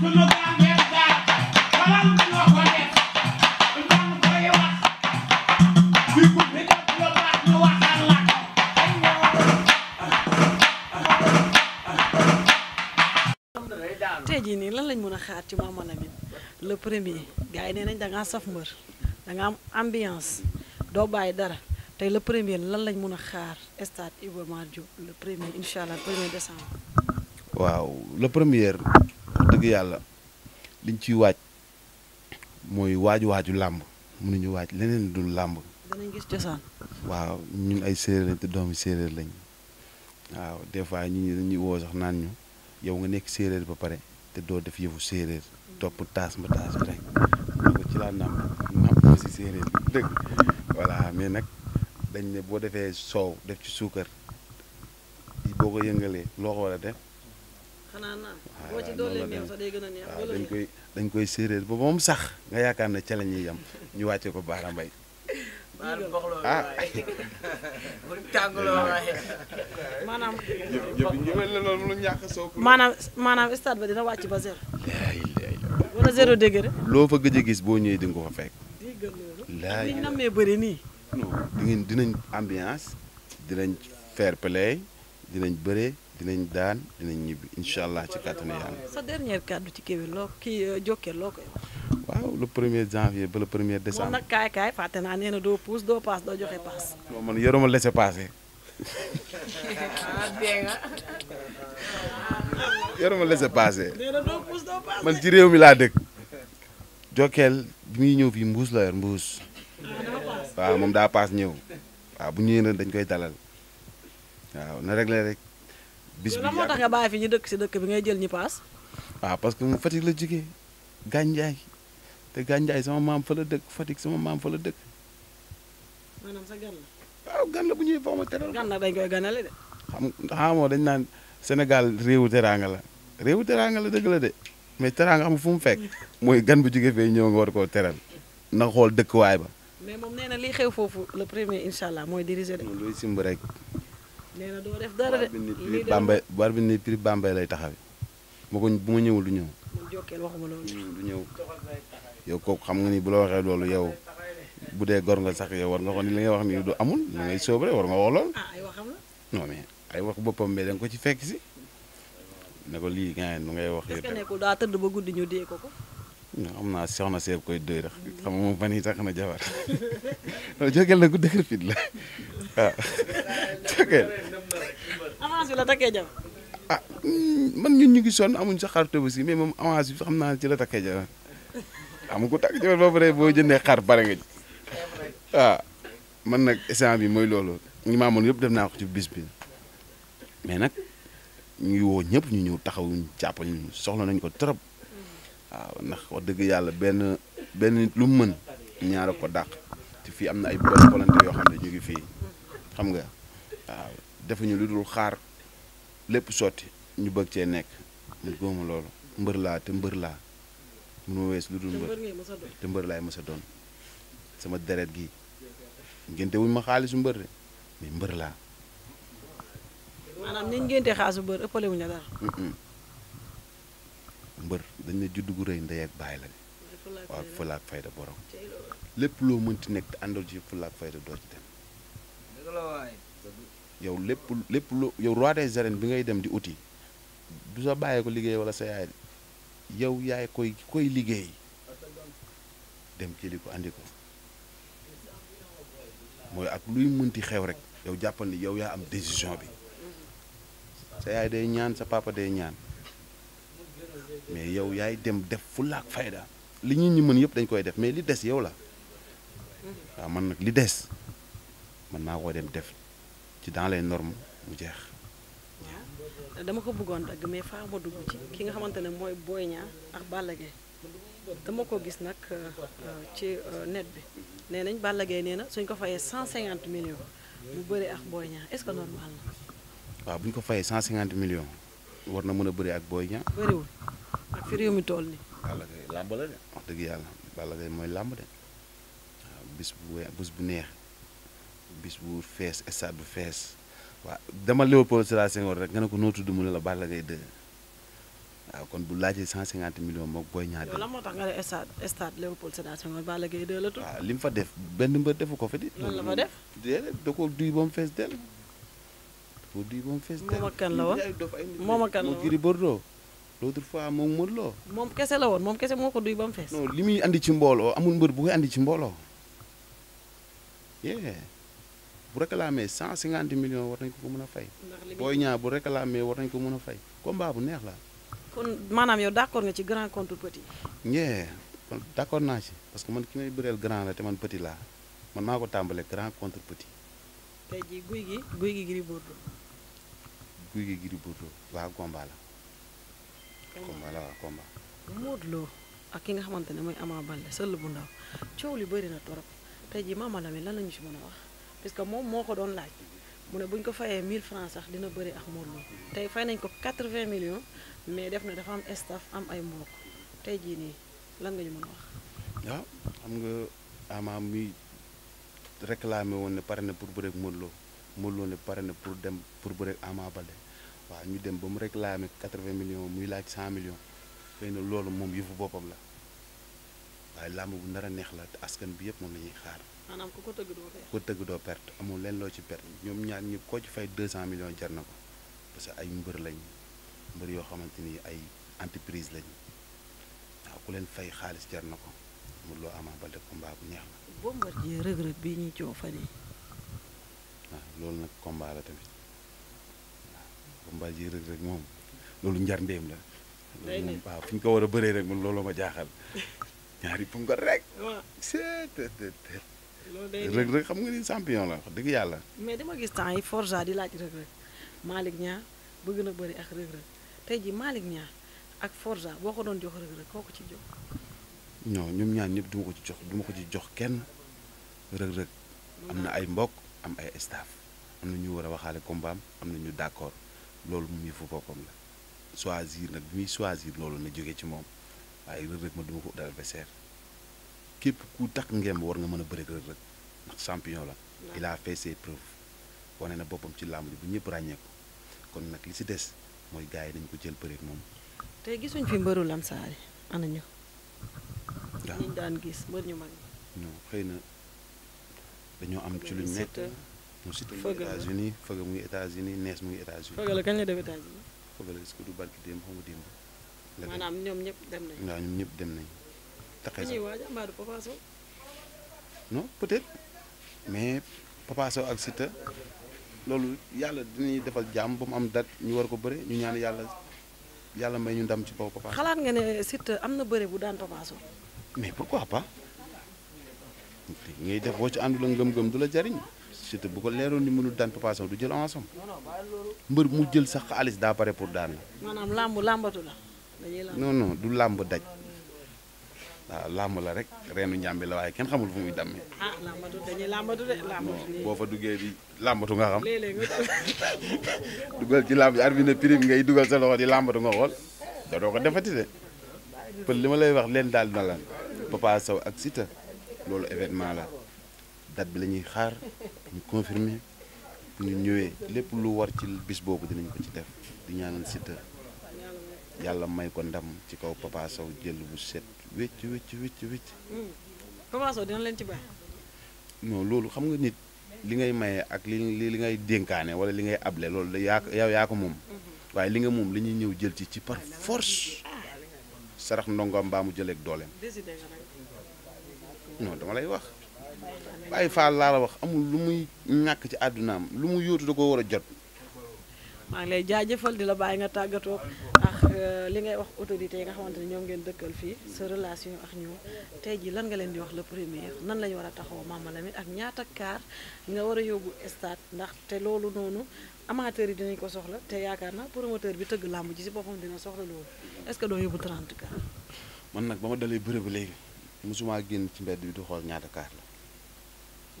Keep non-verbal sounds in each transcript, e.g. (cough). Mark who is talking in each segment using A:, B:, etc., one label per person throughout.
A: tey jii nii lan lañ mën a xaar ci Mama Lamine le premier gars yi nee nañ danga saf mbër da nga am ambiance doo bàyyi dara tey la premier lan lañ mën a xaar stade Iba Mar Diop le premier incha allah premier décembre.
B: waaw le premier dëgg yàlla liñ ciy waaj mooy waaju waaju làmb mënuñu waaj leneen dul làmb.
A: danañ gis cosaan.
B: waaw ñun ay séeréer lañ te doomi séeréer lañ waaw des fois ñu dañuy woo sax naan ñu yow nga nekk séeréer ba pare te doo def yëfu séeréer topp taas ma taas bi rek ko ci laa nàmp nàmp si séeréer dëgg voilà mais nag dañ ne boo defee soow def ci suukar boo ko yëngalee loo ko war a def.
A: xanaa naa dañ koy
B: dañ koy séeréer ba moom sax nga yaakaar ne ca la ñuy yem ñu wàcce ko Baara Mbay
A: ah (laughs) ba dina wàcc ba zéro wala zéro degré
B: loo fa gëj gis boo ñëwee di ko fa fekk laa liñ dinañ ambiance dinañ fair bëree dinañ daan dinañ ñibbi incha ci kàttanu yàlla.
A: sa ci Kewel loo kii euh,
B: premier janvier ba le premier décembre. moom nag
A: kaay kaay fàtte naa nee na doo puus doo
B: ah, ci réew mi laa dëkk. Jokal bi muy ñëw fii mbuus la yor mbuus. daa paas ñëw. bu ñu nag dañ koy dalal. na réglé rek. bis bi lan moo
A: ñu dëkk si dëkk bi ngay jël ñi paas.
B: waaw ah, parce que mu Fatick la jógee Gandiaye te Gandiaye sama maam fa la dëkk Fatick sama maam fa la dëkk.
A: maanaam bu ñuy foog ma teral. dañ koy ganale de.
B: xam ah, dañ naan Sénégal réewu teraanga la réewu teraanga la dëgg la de mais teraanga xam fu mu fekk mooy gan bu jógee fee ñëw nga war koo teral xool dëkkuwaay ba.
A: mais moom nee na xew foofu le premier incha allah mooy diriger de. luy simb rek. nee na doo def dara de lii de bambay
B: war bi ni prix bambay lay taxawe ma ko bu ma ñëwul du ñëw.
A: man jokkeel waxuma loolu. ñëw
B: yow kooku xam nga ni bu la waxee loolu yow bu dee gor nga sax yow war nga ko ni li nga wax ni du amul li ngay sóobare war nga wax loolu. ah ay wax boppam mais da ko ci fekk si. ne ko lii gars yi nu ngay wax. yow tamit est-ce que
A: nekkul daa tëdd ko ko.
B: am naa soxna seeb koy doy rek xam nga moom fan yii tax na jabar
A: (laughs)
B: jógeel na ku dëgër fit la waaw ah. (laughs) jógeel
A: avance bi la
B: ah, man ñun ñu ngi sonn amuñ sa xar tabaski mais moom avance bi naa ci la takkee jabar am ku takk jabar ba pare boo jëndee xar bare nga ji waaw ah, man nag essence bi mooy loolu ñi ma amoon yëpp def na ko ci bis bi mais nag ñu ngi woo ñëpp ñu ñëw taxawuñ jàpp ñu soxla nañ ko trop waaw ndax wax dëgg yàlla benn benn nit lu mu mën ñaara ko dàq te fii am na ay bonne volonté yoo xam ne ñu ngi fii xam nga waaw defuñu lu dul xaar lépp sotti ñu bëgg cee nekk ñu góoma mbër laa te laa mënuma lu dul laay mës a sama deret gi ngénte ma xaalisu mbër de mais mbër laa
A: maanaam ni ngénte xaasu mbër ëppale dara
B: mbër dañ ne judd gu rëy ndey ak baay la waaw fulla fayda borom lépp loo mënti nekk te àndal ci fulla ak fayda doo ci dem yow lépp lépp loo yow roi des arènes bi ngay dem di uti du sa bàyyee ko liggéey wala sa yaay yow yaay koy koy liggéey dem jëli ko àndi ko mooy ak luy mënti xew rek yow jàppal ni yow yaa am décision bi sa yaay day ñaan sa papa day ñaan mais yow yaay dem def fulaak fayda li ñuy ñi mën yëpp dañ koy def mais li des yow la waaw man nag li des man maa koy dem def ci dans les normes mu jeex.
A: dama ko bëggoon dagg mais faa ma dugg ci ki nga xamante ne mooy booy ñaar ak Balla dama ko gis nag euh, euh, ci euh, net bi nee nañ Balla nee na suñ ko fayee cinquante millions mu bëri ak Boy Niang est-ce que normal
B: waaw bu ko fayee 150 millions. war na mën a bëri ak Boy Niang.
A: bëriwul ak fi réew mi tool nii.
B: la wax dëgg yàlla Balla Gaye mooy làmb de waaw bis bu bis bu neex bis bu fees stade bu fees waaw dama Léopold Sédar Senghor rek nga ne ko noo tudd mu ne la Balla Gaye 2 waaw kon bu laajee 150 millions moom Boy Niang. yow lan
A: moo tax nga ne stade stade Léopold Sédar Senghor Balla Gaye 2 la tudd.
B: waaw fa def benn mbër defu ko fa di. la fa def déedéet da koo duy ba fees dell. produit moom fees. moom kan la woon moom kan la woon moom
A: kese la woon moom kese moo ko duy ba mu fees. non
B: li muy andi ci mbooloo amul mbër bu koy andi ci mbooloo. yeah bu réclamé cent cinquante millions war nañ ko ko mën a fay. booy ñaar bu réclamé war nañ ko mën a fay combat bu neex la.
A: kon maanaam yow d'accord nga ci grand contre petit.
B: yeah d'accord naa ci parce que man ki may bëreel grand la te man petit la man maa ko tàmbalee grand contre petit.
A: tey guy gi guy gi Gris Bordeaux.
B: guy gi Gris Bordeaux waa Gomba la. Gomba la waa Gomba.
A: Modou ak ki nga xamante ne mooy Ama Baldé sëll bu ndaw coow li bëri na torop tey jii Mama Lamine lan la ñu si mën a wax parce que moom moo ko doon laaj mu ne buñ ko fayee mille francs sax dina bëri ak Modou Lo tey fay nañ ko 80 millions mais def na dafa am staff am ay mbokk tey jii nii lan nga ñu mën a wax.
B: waaw ah, xam nga Ama mi réclamé woon ne pare na pour bëre ak Modou Modou loo ne pare na pour dem pour bëre Ama Baldé waaw ñu dem ba mu réclamer quatre-vingts millions muy laaj cent millions xëy na loolu moom yëfu boppam la waaye làmb bu nar a neex la te askan bi yëpp moom la ñuy xaar.
A: maanaam ku ko tëgg doo perte.
B: ku ko tëgg loo ci perte ñoom ñaar ñi koo ci fay deux cent millions jar na ko parce que ay mbër lañ mbër yoo xamante ni ay entreprise lañ waaw ku leen fay xaalis jar na ko Modou loo Ama Baldé combat bu
A: neex la.
B: loolu nag combat la tamit combat ji rek rek moom loolu njar ndéem la. day nekk waaw fi ñu ko war a bëree rek man looloo ma jaaxal ñaari pungal rek. waaw rek rek xam nga ni sampion la wax dëgg yàlla.
A: mais dama gis temps yi Forza di laaj rek rek Malick Niang bëgg na bëri ak rek rek tey jii Malick Niang ak Forza boo ko doon jox rek rek koo ko ci jox.
B: non ñoom ñaan ñëpp duma ko ci jox duma ko ci jox kenn rëg-rëg am na ay mbokk am ay staff am na ñu war a waxaale combat am na ñu d'accord loolu mu yëfu boppam la choisir nag bi muy choisir loolu na jóge ci moom waaye Reug Reug ma duma ko ut adversaire képp ku takk ngemb war nga mën a bëre Reug Reug ndax champion la il a fait ses preuves wane na boppam ci làmb ji bu ñëpp ràññeeku kon nag li si des mooy gars yi dañ ko jël bëreeg moom
A: tey gisuñ fi mbëru lamsaari ana ñu ñu daan ñu mag
B: non xëy na dañoo am ci luñ nekk mu Siteu muy États-Unis Feugueux muy États-Unis Nees muy États-Unis. Feugueux la kañ la def États-Unis. Feugueux la est-ce du barki démb xaw démb. la ñoom
A: ñëpp dem nañu.
B: waaw ñoom ñëpp dem nañ taxee
A: sax Papa Sow.
B: non peut-être mais Papa Sow ak Siteu loolu yàlla dinañu defal jaam ba mu am date ñu war ko bëre ñu ñaan yàlla yàlla may ñu ndam ci kaw Papa Sow. xalaat
A: nga ne Siteu am na bëre bu daan Papa Sow.
B: mais pourquoi pas. ngay def boo ci àndul ngëm-ngëm du la jariñ. Siteu bu ko leeroon ni mënul daan Papa Sow du jël avance am mbër mu jël sax xaalis daa pare pour daan
A: la. làmb làmbatu la. dañuy
B: du làmb daj. waaw làmb la rek reenu njàmbi la waaye kenn xamul fu muy dammee.
A: Ah, boo
B: fa duggee di làmbatu nga xam.
A: léeg-léeg (laughs)
B: dugal ci làmb arbitre prime ngay dugal sa loxo di làmbatu nga xool da defati de pël li ma lay wax leen daal na lan Papa ak Siteu loolu événement la. date bi lañuy xaar ñu confirmer ñu ñëwee lépp lu war ci bis boobu dinañ ko ci def di ñaan Siteu yàlla may ko ndam ci kaw Papa Sow jël bu set wécc wécc wécc wécc.
A: Hmm. Papa Sow dina leen ci bàyyi.
B: non loolu xam nga nit li ngay maye ak li li li ngay dénkaane wala li ngay able loolu yaa ko yaa ko moom. Hmm. waaye li nga moom li ñuy ñëw jël ci ci par force. sarax ndongoom baa mu jëleek dooleem.
A: non dama lay wax. Baye Fall
B: laa la wax amul lu muy ñàkk ci àddunaam lu mu yóotu da ko war a jot.
A: maa ngi lay jaajëfal di la bàyyi nga tàggatoo ak euh, li ngay wax autorité yi nga xamante ne ñoom ngeen dëkkal fii sa relation ak ñoom tey jii lan nga leen di wax le premier nan la ñu war a taxaw Mama mi ak ñaata kaar nga war a yóbbu stade ndax te loolu noonu amateur yi dinañ ko soxla te yaakaar na promoteur bi tëgg làmb ji si boppam dina soxla loolu est-ce que doo yóbbu 30 kaar.
B: man nag ba dalee bëre ba léegi mosuma génn ci mbedd bi di xool ñaata kaar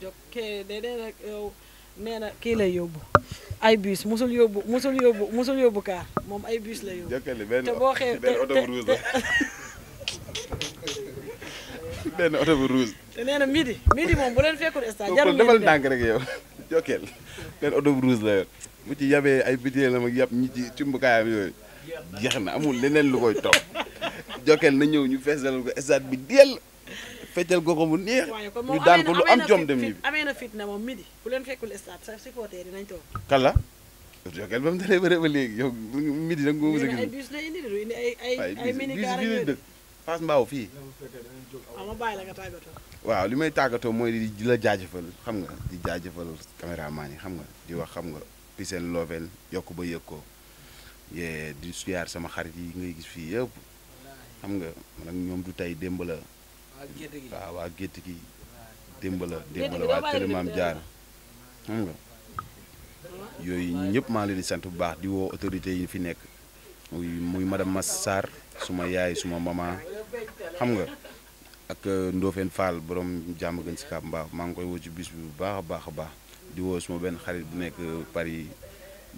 A: jokkee déedéet nag yow nee na kii lay yóbbu ay bus musul yóbbu musul yóbbu musul yóbbu kaar moom ay bus lay yóbbu.
B: jokkee li benn te boo xee benn bu rouge la (laughs) benn oto bu rouge.
A: te nee na midi midi moom bu leen fekkul
B: (laughs) jokkeel benn oto bu rouge la yor mu ci yabee ay biteel la mag yab ñi ci cumbukaayam yooyu jeex na amul leneen lu koy topp (laughs) jokkeel na ñëw ñu feesal ko stade bi dell. feccal ko ko neex. ñu daan ko lu am jom dem ñibbi
A: amee na fit na moom midi bu leen fekkul stade sa supporter dinañ toog.
B: kala jokel ba mu dalee ba léegi a gis. ay ah, li may tàggatoo mooy di la jaajëfal xam nga di jaajëfal caméraman yi xam nga di wax xam nga pisel lovel yokk ba yëg ko di suyaar sama xarit yi ngay gis fii yëpp xam nga nag du tey démb la waaw waa gétt gi démb la démb la waa kër maam xam nga yooyu ñëpp maa leen di sant bu baax di woo autorités yi fi nekk muy muy ma Mass Sarr suma yaay suma mama xam nga ak euh, ndoofeen Fall borom jàmm gën si Kaab Mbaaw maa ngi koy woo ci bis bi bu baax a baax a baax di woo suma benn xarit bu nekk Paris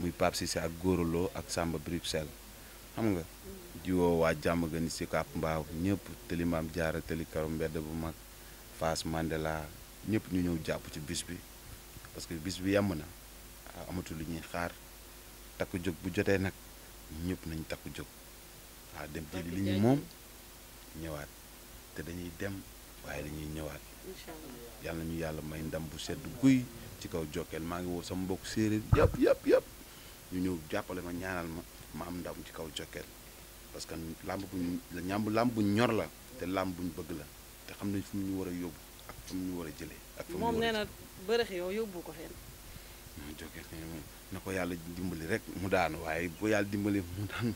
B: muy Pape Cissé ak Góorolo ak Samba Bruxelles xam nga di woo waa jàmm gën si Kapp Mbaaw ñëpp tëli maam jaara tëli karo mbedd bu mag fas Mandela ñëpp ñu ñëw jàpp ci bis bi parce que bis bi yàmm na amatul li ñuy xaar takk jóg bu jotee nag ñëpp nañ takku jóg waaw dem jëli li ñu moom ñëwaat te dañuy dem waaye dañuy ñëwaat yàlla ñu yàlla may ndam bu sedd guy ci kaw jokkeel maa ngi woo sama mbokk séeréer yëpp yëpp ñu ñëw jàppale ma ñaanal ma ma am ndam ci kaw Jokel parce que làmb buñ ñàmb làmb buñ ñor la te làmb buñ bëgg la te xam nañ fu mu ñu war a yóbbu ak fu mu ñu war a jëlee. ak fu mu hmm, moom
A: na ko fenn.
B: Jokel yàlla dimbali rek mu daan waaye bu ko yàlla dimbali mu daan.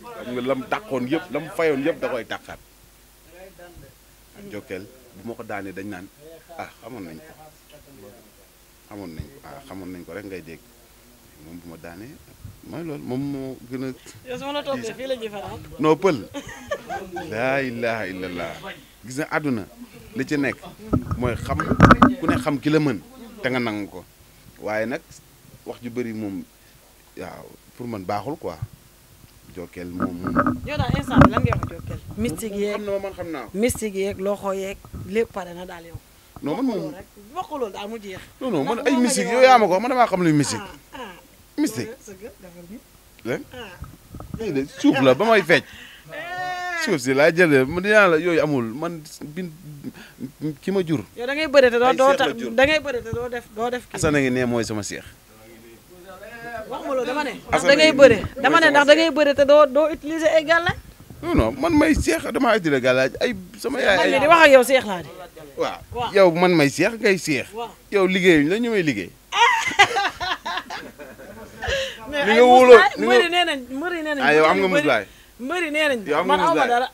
A: (laughs) xam nga dàqoon yëpp lam fayoon yëpp da koy dàqaat. Ah,
B: Jokel bu ma ko daanee dañ naan ah xamoon nañ ko nañ ko ah, xamoon nañ ko rek ngay dégg. moom bu ma daanee mooy loolu moom moo gën a.
A: noo su la toppee pël. laa ilaha illallah
B: gis na àdduna li ci nekk mooy xam ku ne xam ki la mën te nga nangu ko waaye nag wax ju bari moom waaw pour man baaxul ko Jokal moom moom.
A: yow daal instant bi lan xam na man xam naa ko. mystique yeeg loxo yeeg lépp pare na daal yow. non man moom waxuloo mu jeex.
B: non man ay mystique yow yaa ma ko man damaa xam luy mystique. Ah. mystique léegi ah. léegi suuf la ba may fecc eh. suuf si laa jëlee ma dinaa la yooyu amul man bin ki ma jur.
A: yow da ngay bëri te doo doo ta da ngay bëri te doo def doo def. Assane
B: a ne mooy sama seex.
A: wax ma loolu dama ne. ndax da ngay bëri dama ne ndax da bëri te doo doo ay gàlla.
B: non man may seex damaa utiliser gàlla ay
A: sama. yaay ay di wax yow seex laa di. yow
B: man may seex ngay seex. yow liggéeyuñ la ñu may liggéey.
A: li nga wóoloo li nga mbëri nee nañ mbëri nee nañ. ah yow am nga muslaay man aw ma nga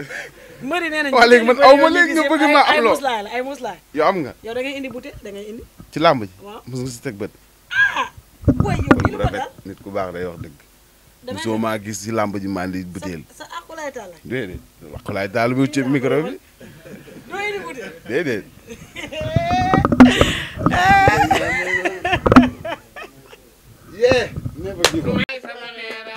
A: bëgg maa am loo ay nga. yow da indi buté da indi.
B: ci làmb ji. waaw teg bët. Ah, nit ku baax day wax dëgg. damay mosoo maa gis ci làmb ji maa indi butéel. sa (laughs) (laughs) never give up.